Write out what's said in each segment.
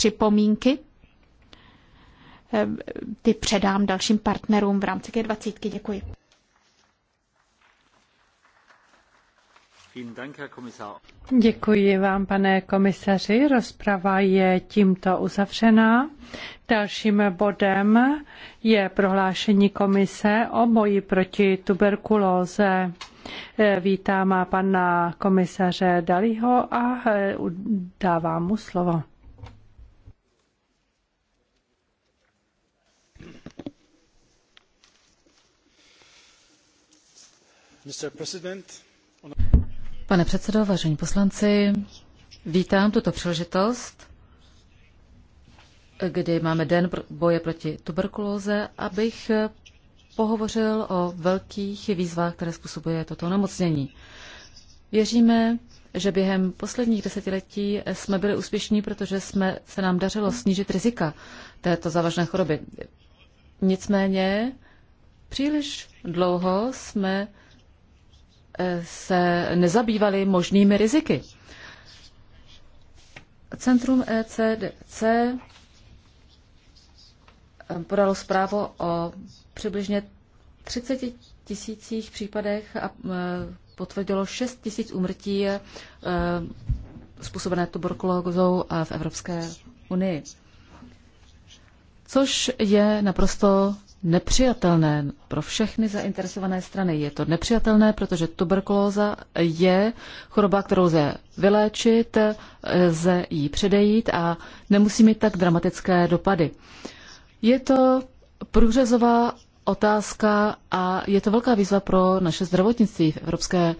připomínky. Ty předám dalším partnerům v rámci G20. Děkuji. Děkuji vám, pane komisaři. Rozprava je tímto uzavřená. Dalším bodem je prohlášení komise o boji proti tuberkulóze. Vítám pana komisaře Dalího a dávám mu slovo. Pane předsedo, vážení poslanci, vítám tuto příležitost, kdy máme Den boje proti tuberkulóze, abych pohovořil o velkých výzvách, které způsobuje toto onemocnění. Věříme, že během posledních desetiletí jsme byli úspěšní, protože jsme, se nám dařilo snížit rizika této závažné choroby. Nicméně příliš dlouho jsme se nezabývali možnými riziky. Centrum ECDC eh, podalo zprávu o přibližně 30 tisících případech a eh, potvrdilo 6 tisíc úmrtí eh, způsobené tuberkulózou v Evropské unii. Což je naprosto nepřijatelné pro všechny zainteresované strany. Je to nepřijatelné, protože tuberkulóza je choroba, kterou lze vyléčit, lze jí předejít a nemusí mít tak dramatické dopady. Je to průřezová otázka a je to velká výzva pro naše zdravotnictví v Evropské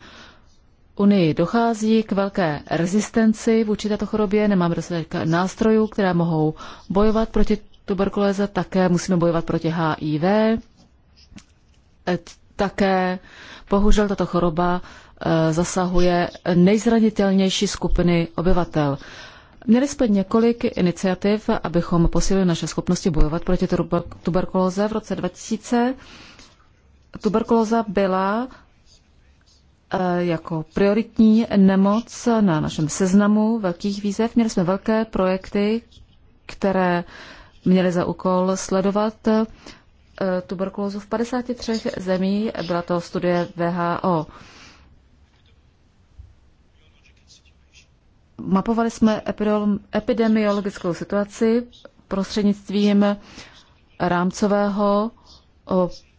unii. Dochází k velké rezistenci vůči této chorobě, nemáme dostatek nástrojů, které mohou bojovat proti tuberkulóza, také musíme bojovat proti HIV. E, také bohužel tato choroba e, zasahuje nejzranitelnější skupiny obyvatel. Měli jsme několik iniciativ, abychom posílili naše schopnosti bojovat proti tuberkulóze. V roce 2000 tuberkulóza byla e, jako prioritní nemoc na našem seznamu velkých výzev. Měli jsme velké projekty, které měli za úkol sledovat eh, tuberkulózu v 53 zemí. Byla to studie VHO. Mapovali jsme epidemiologickou situaci prostřednictvím rámcového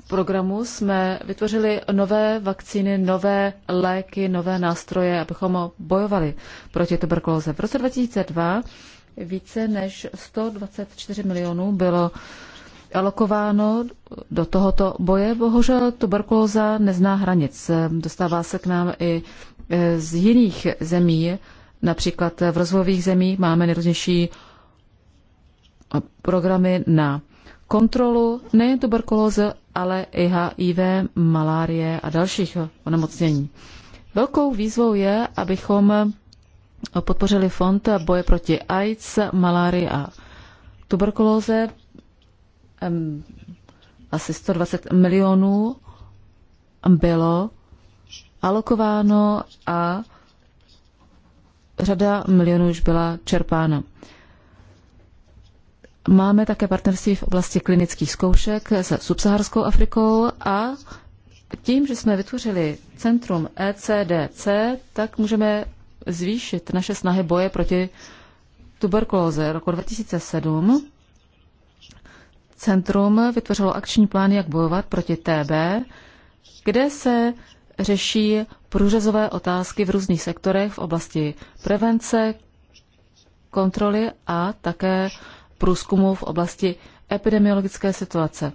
programu jsme vytvořili nové vakcíny, nové léky, nové nástroje, abychom bojovali proti tuberkulóze. V roce 2002 více než 124 milionů bylo alokováno do tohoto boje. Bohužel tuberkulóza nezná hranic. Dostává se k nám i e, z jiných zemí, například v rozvojových zemích máme nejrůznější e, programy na kontrolu nejen tuberkulózy, ale i HIV, malárie a dalších onemocnění. Velkou výzvou je, abychom podpořili fond boje proti AIDS, malárii a tuberkulóze. Asi 120 milionů bylo alokováno a řada milionů už byla čerpána. Máme také partnerství v oblasti klinických zkoušek se subsaharskou Afrikou a tím, že jsme vytvořili centrum ECDC, tak můžeme zvýšit naše snahy boje proti tuberkulóze. Roku 2007 centrum vytvořilo akční plán, jak bojovat proti TB, kde se řeší průřezové otázky v různých sektorech v oblasti prevence, kontroly a také průzkumu v oblasti epidemiologické situace.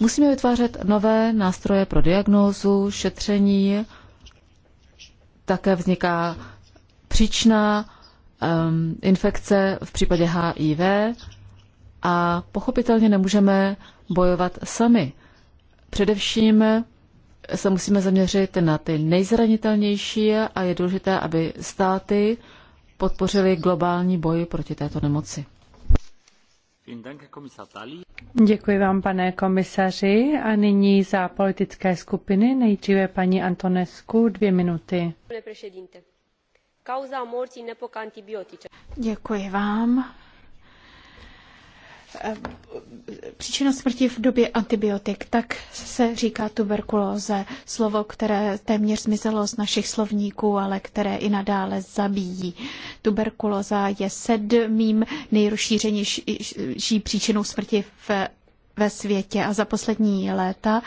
Musíme vytvářet nové nástroje pro diagnózu, šetření, také vzniká příčná um, infekce v případě HIV a pochopitelně nemůžeme bojovat sami. Především se musíme zaměřit na ty nejzranitelnější a je důležité, aby státy podpořili globální boj proti této nemoci. Děkuji vám, pane komisaři. A nyní za politické skupiny nejdříve paní Antonescu dvě minuty. Pane Kauza morții nepoc antibiotice. Děkuji vám. Příčina smrti v době antibiotik, tak se říká tuberkulóze, slovo, které téměř zmizelo z našich slovníků, ale které i nadále zabíjí. Tuberkulóza je sedmým nejrozšířenější příčinou smrti v, ve světě a za poslední léta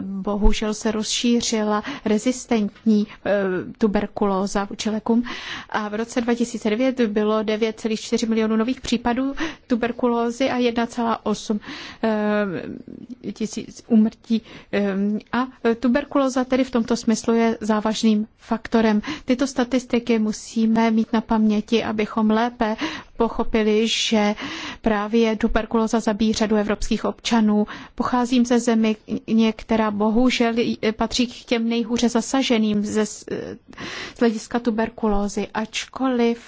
bohužel se rozšířila rezistentní eh, tuberkulóza u lekům a v roce 2009 bylo 9,4 milionů nových případů tuberkulózy a 1,8 eh, tisíc úmrtí. Eh, a tuberkulóza tedy v tomto smyslu je závažným faktorem. Tyto statistiky musíme mít na paměti, abychom lépe pochopili, že právě tuberkulóza zabíjí řadu evropských občanů. Pocházím ze zemi, která bohužel patří k těm nejhůře zasaženým ze, z hlediska tuberkulózy. Ačkoliv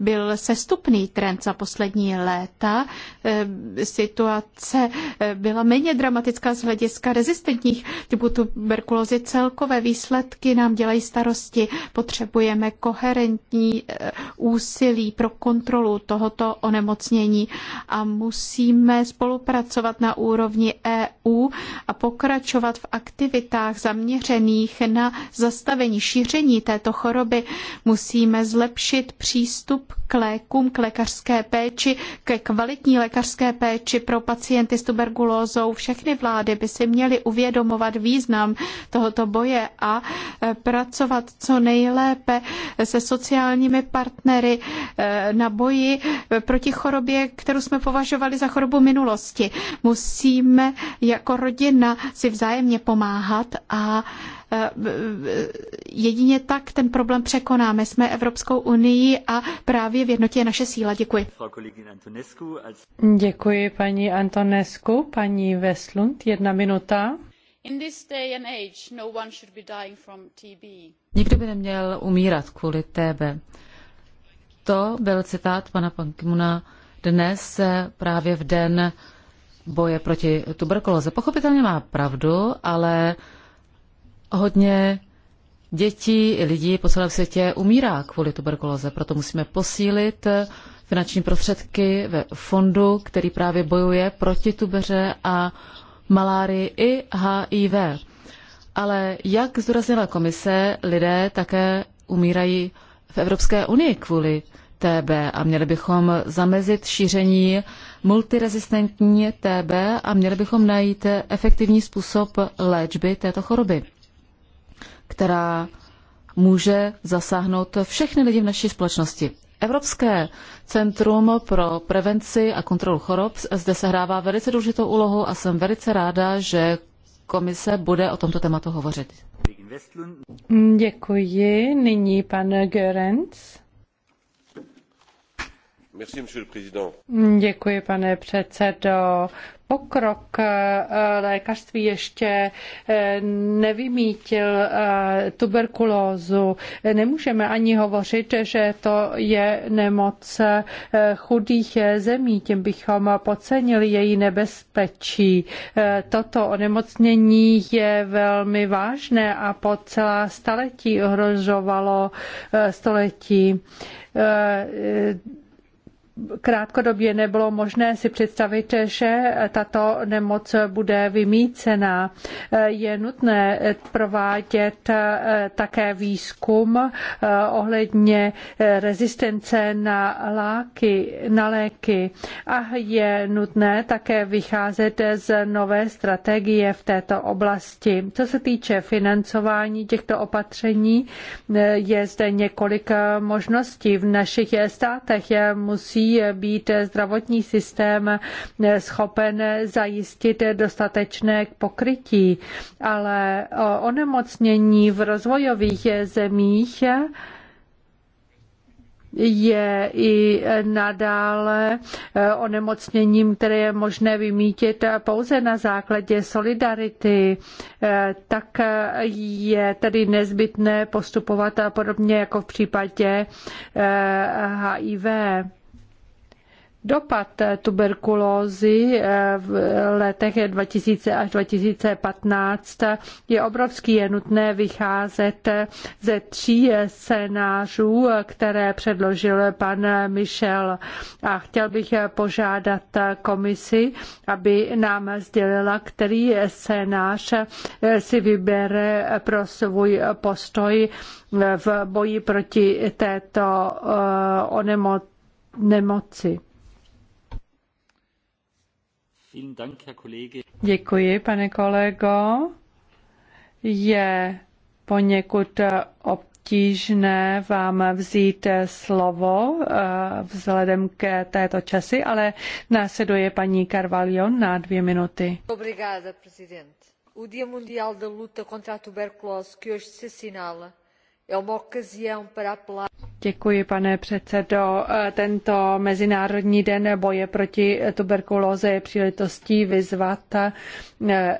byl sestupný trend za poslední léta, e, situace e, byla méně dramatická z hlediska rezistentních typů tuberkulózy. Celkové výsledky nám dělají starosti. Potřebujeme koherentní e, úsilí pro kontrolu tohoto onemocnění a musíme spolupracovat na úrovni EU a pokračovat v aktivitách zaměřených na zastavení šíření této choroby. Musíme zlepšit přístup k lékům, k lékařské péči, ke kvalitní lékařské péči pro pacienty s tuberkulózou. Všechny vlády by si měly uvědomovat význam tohoto boje a e, pracovat co nejlépe se sociálními partnery e, na boji proti chorobě, kterou jsme považovali za chorobu minulosti. Musíme jako rodina si vzájemně pomáhat a e, jedině tak ten problém překonáme. Jsme Evropskou unii a právě v jednotě je naše síla. Děkuji. Děkuji paní Antonescu. Paní Veslund, jedna minuta. No Nikdo by neměl umírat kvůli TB. To byl citát pana Pankimuna. dnes eh, právě v den boje proti tuberkulóze. Pochopitelně má pravdu, ale hodně dětí i lidí po celém světě umírá kvůli tuberkulóze. Proto musíme posílit eh, finanční prostředky ve fondu, který právě bojuje proti tubeře a malárii i HIV. Ale jak zdůraznila komise, lidé také umírají v Evropské unii kvůli TB a měli bychom zamezit šíření multirezistentní TB a měli bychom najít efektivní způsob léčby této choroby, která může zasáhnout všechny lidi v naší společnosti. Evropské centrum pro prevenci a kontrolu chorob zde sehrává velice důležitou úlohu a jsem velice ráda, že komise bude o tomto tématu hovořit. Děkuji. Nyní pan Görens. Děkuji, pane předsedo. Pokrok eh, lékařství ještě eh, nevymítil eh, tuberkulózu. Nemůžeme ani hovořit, že to je nemoc chudých zemí, tím bychom podcenili její nebezpečí. Toto onemocnění je velmi vážné a po celá staletí ohrožovalo století krátkodobě nebylo možné si představit, že tato nemoc bude vymícená. Je nutné provádět eh, také výzkum eh, ohledně eh, rezistence na, láky, na léky a je nutné také vycházet z nové strategie v této oblasti. Co se týče financování těchto opatření, je zde několik možností. V našich státech musí být zdravotní systém schopen zajistit dostatečné pokrytí, ale onemocnění v rozvojových zemích je i nadále onemocněním, které je možné vymítit pouze na základě solidarity, tak je tedy nezbytné postupovat podobně jako v případě HIV. Dopad eh, tuberkulózy eh, v letech 2000 až 2015 je obrovský. Je nutné vycházet ze tří scénářů, které předložil pan Michel. A chtěl bych požádat komisi, aby nám sdělila, který scénář si vybere pro svůj postoj v boji proti této eh, onemoci nemoci. Děkuji, pane kolego. Je poněkud eh, obtížné vám vzít eh, slovo eh, vzhledem k této časy, ale následuje paní Carvalho na dvě minuty. Obrigada, prezident. O Dia Mundial da Luta contra a Tuberculose, que hoje se assinala, é uma ocasião para apelar... Děkuji, pane předsedo. E, tento Mezinárodní den boje proti tuberkulóze je příležitostí vyzvat e, e,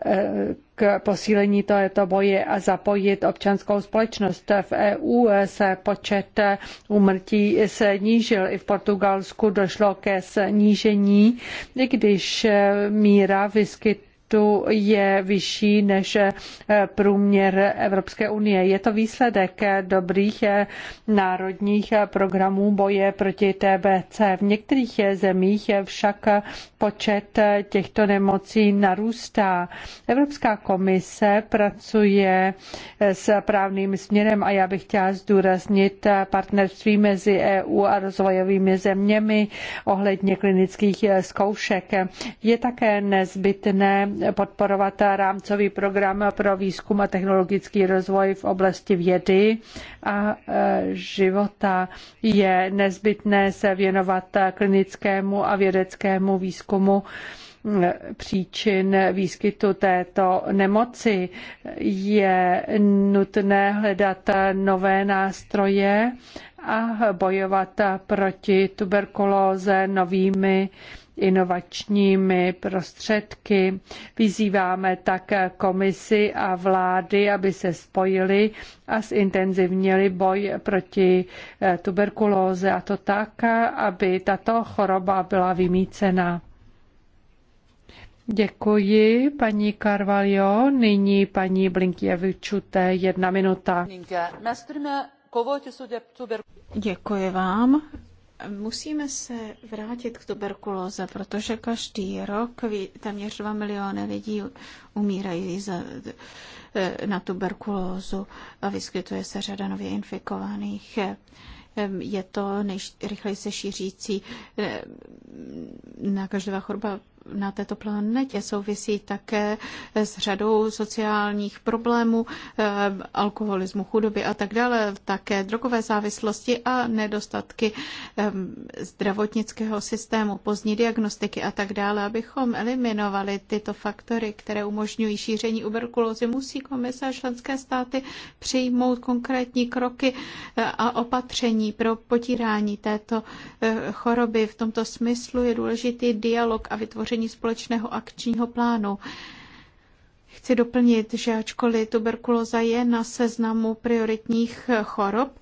k posílení tohoto boje a zapojit občanskou společnost. V EU se počet úmrtí snížil. I v Portugalsku došlo ke snížení, i když míra vyskytu růstu je vyšší než eh, průměr Evropské unie. Je to výsledek dobrých eh, národních eh, programů boje proti TBC. V některých zemích však počet těchto nemocí narůstá. Evropská komise pracuje s právným směrem a já bych chtěla zdůraznit partnerství mezi EU a rozvojovými zeměmi ohledně klinických zkoušek. Je také nezbytné podporovat rámcový program pro výzkum a technologický rozvoj v oblasti vědy a e, života. Je nezbytné se věnovat klinickému a vědeckému výzkumu příčin výskytu této nemoci. Je nutné hledat nové nástroje a bojovat proti tuberkulóze novými inovačními prostředky. Vyzýváme tak komisi a vlády, aby se spojili a zintenzivnili boj proti eh, tuberkulóze a to tak, aby tato choroba byla vymícena. Děkuji, paní Carvalho. Nyní paní Blinkjevičute, jedna minuta. Děkuji vám. Musíme se vrátit k tuberkulóze, protože každý rok téměř 2 miliony lidí umírají za, eh, na tuberkulózu a vyskytuje se řada nově infikovaných. Eh, je to nejrychleji se šířící eh, každá choroba na této planetě. Souvisí také s řadou sociálních problémů, eh, alkoholismu, chudoby a tak dále, také drogové závislosti a nedostatky eh, zdravotnického systému, pozdní diagnostiky a tak dále. Abychom eliminovali tyto faktory, které umožňují šíření uberkulózy, musí komise a členské státy přijmout konkrétní kroky eh, a opatření pro potírání této choroby. V tomto smyslu je důležitý dialog a vytvoření vytvoření společného akčního plánu. Chci doplnit, že ačkoliv tuberkulóza je na seznamu prioritních chorob,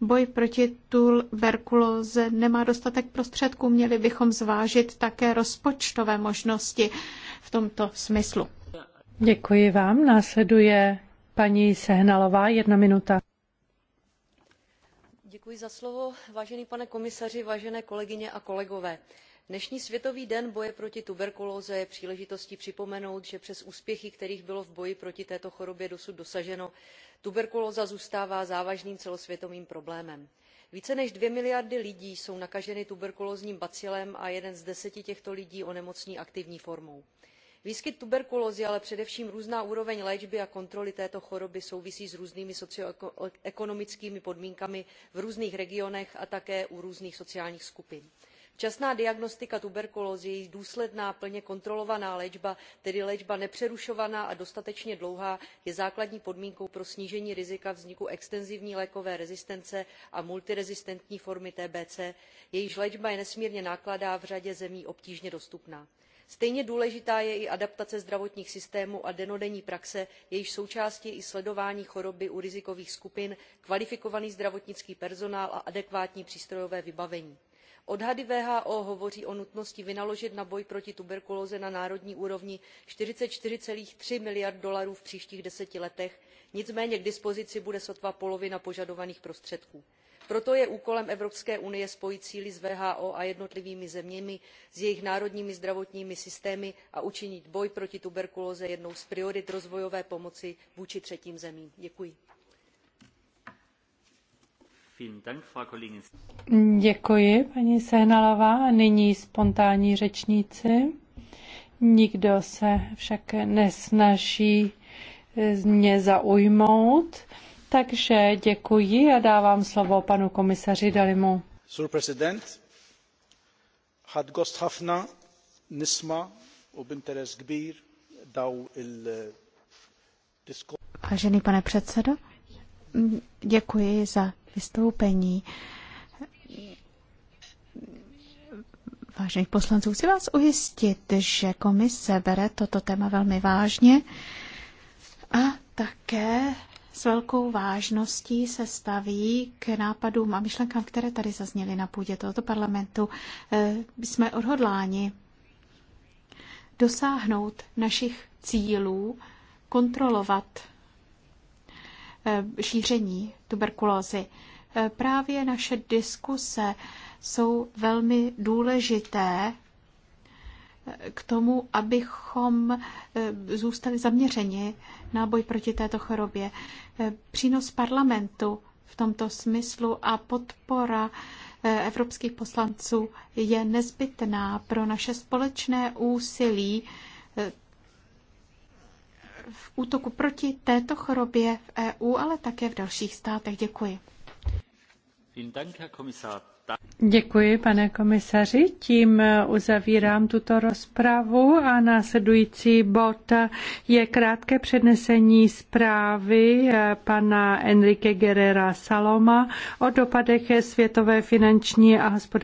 Boj proti tuberkulóze nemá dostatek prostředků. Měli bychom zvážit také rozpočtové možnosti v tomto smyslu. Děkuji vám. Následuje paní Sehnalová, jedna minuta. Děkuji za slovo, vážený pane komisaři, vážené kolegyně a kolegové dnešní světový den boje proti tuberkulóze je příležitostí připomenout že přes úspěchy kterých bylo v boji proti této chorobě dosud dosaženo tuberkulóza zůstává závažným celosvětovým problémem. více než two miliardy lidí jsou nakaženy tuberkulózním bacilem a jeden z deseti těchto lidí onemocní aktivní formou. výskyt tuberkulózy ale především různá úroveň léčby a kontroly této choroby souvisí s různými socioekonomickými podmínkami v různých regionech a také u různých sociálních skupin včasná diagnostika tuberkulózy její důsledná plně kontrolovaná léčba tedy léčba nepřerušovaná a dostatečně dlouhá je základní podmínkou pro snížení rizika vzniku extenzivní lékové rezistence a multirezistentní formy tbc jejíž léčba je nesmírně nákladná a v řadě zemí obtížně dostupná. stejně důležitá je i adaptace zdravotních systémů a dennodenní praxe jejíž součástí je i sledování choroby u rizikových skupin kvalifikovaný zdravotnický personál a adekvátní přístrojové vybavení odhady who hovoří o nutnosti vynaložit na boj proti tuberkulóze na národní úrovni forty four three miliardy dolarů v příštích deseti letech nicméně k dispozici bude sotva polovina požadovaných prostředků. proto je úkolem evropské unie spojit síly s who a jednotlivými zeměmi s jejich národními zdravotními systémy a učinit boj proti tuberkulóze jednou z priorit rozvojové pomoci vůči třetím zemím. děkuji. Děkuji, paní Sehnalová. Nyní spontánní řečníci. Nikdo se však nesnaží eh, mě zaujmout, takže děkuji a dávám slovo panu komisaři Dalimu. Sir president, had gost hafna nisma u b'interess daw il eh, Vážený pane předsedo, děkuji za vystoupení vážených poslanců. Chci vás ujistit, že komise bere toto téma velmi vážně a také s velkou vážností se staví k nápadům a myšlenkám, které tady zazněly na půdě tohoto parlamentu. Eh, jsme odhodláni dosáhnout našich cílů, kontrolovat Eh, šíření tuberkulózy. Eh, právě naše diskuse jsou velmi důležité eh, k tomu, abychom zůstali zaměřeni na boj proti této chorobě. Přínos parlamentu v tomto smyslu a podpora evropských poslanců je nezbytná pro naše společné úsilí v útoku proti této chorobě v EU, ale také v dalších státech. Děkuji. Děkuji, pane komisaři. Tím uzavírám tuto rozpravu a následující bod je krátké přednesení zprávy eh, pana Enrique Guerrera Saloma o dopadech světové finanční a hospodářské